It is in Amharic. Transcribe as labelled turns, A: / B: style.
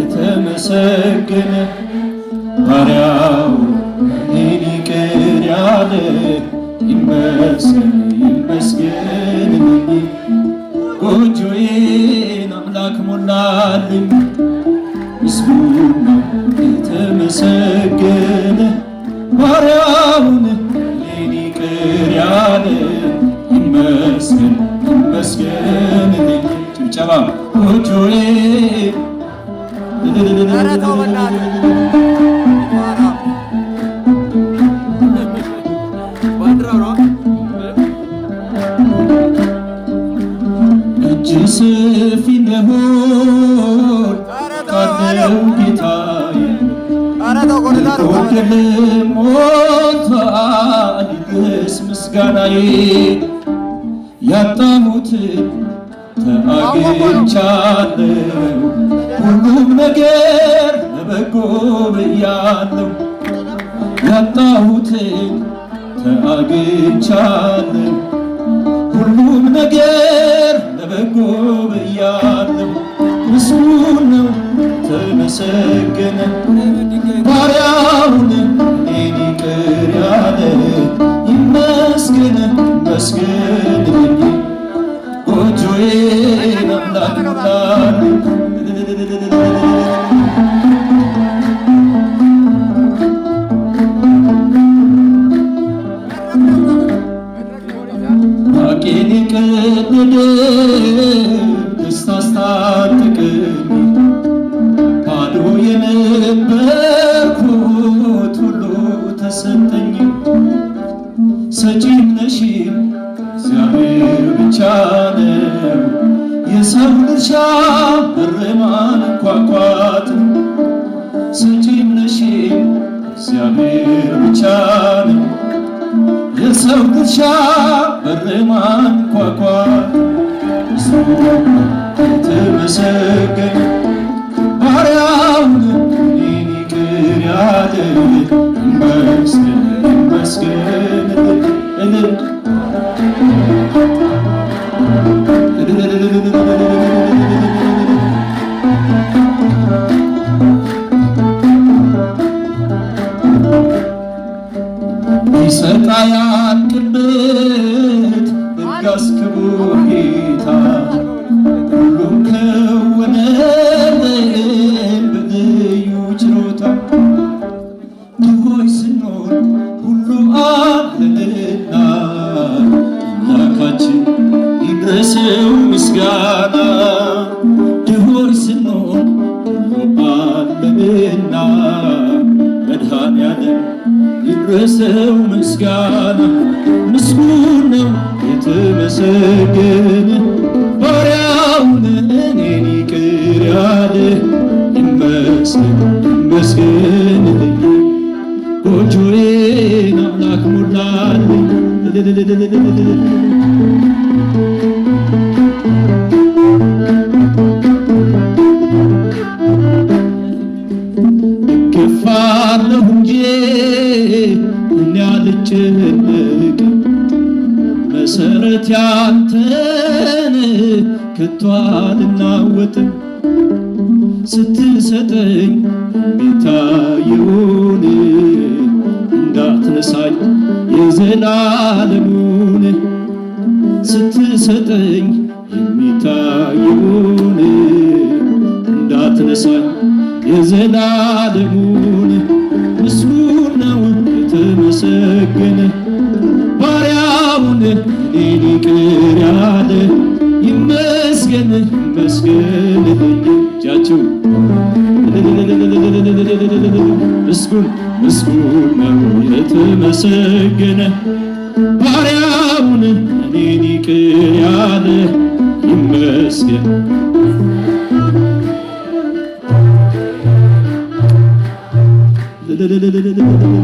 A: የተመሰገነ ባሪያው እኔን ይቅር ያለ ይመስገን ይመስገን። ጎጆዬን አምላክ ሞላልኝ አይሰማም። እጅ ሰፊ ነው ካለው ጌታዬ ምስጋናዬ ያጣሁት አግኝቻለሁ ሁሉም ነገር ለበጎ ብያለሁ ያጣሁትን ተአግኝቻለሁ ሁሉም ነገር ለበጎ ብያለሁ ምስጉን ነው ተመሰገነ ባሪያውን እኔን ይቅር ያለ ይመስገን ይመስገን ንድስ ታስታጥቅ ባዶ የነበርኩት ሁሉ ተሰጠኝ። ሰጪም ነሽ እግዚአብሔር ብቻ ነው። የሰው ድርሻ በርማን እንኳኳት ሰጪም ነሽ እግዚአብሔር ብቻ ነው። የሰው ድርሻ በር ማንኳኳት የተመሰገነ ባሪያውን ይቅር ይመስገን ይመስገን እልል ስቃይ ክብት ሕግ አስክቡር ጌታ ሁሉም ከወነልን በልዩ ችሎታ ድሆች ስንሆን ሁሉም አለና አምላካችን ይድረሰው ምስጋና በሰው ምስጋና ምስጉን ነው የተመሰገነ ባሪያው ለእኔን ይቅር ያለ ይመስገን ይመስገን ጎጆዬን አምላክ ሞላልኝ ጠፋለሁ እንጂ እኔ አልጨነቅም መሰረት ያንተን ከቶ አልናወጥም ስትሰጠኝ ቤታየውን እንዳትነሳኝ የዘላለሙን ስትሰጠኝ የሚታየውን እንዳትነሳኝ የዘላለሙን ምስሉና የተመሰገነ ባሪያውን እኔን ያለ ይመስገን ይመስገን። እጃችሁ ምስጉን ምስጉን ነው የተመሰገነ ባሪያውን እኔን ያለ ይመስገን de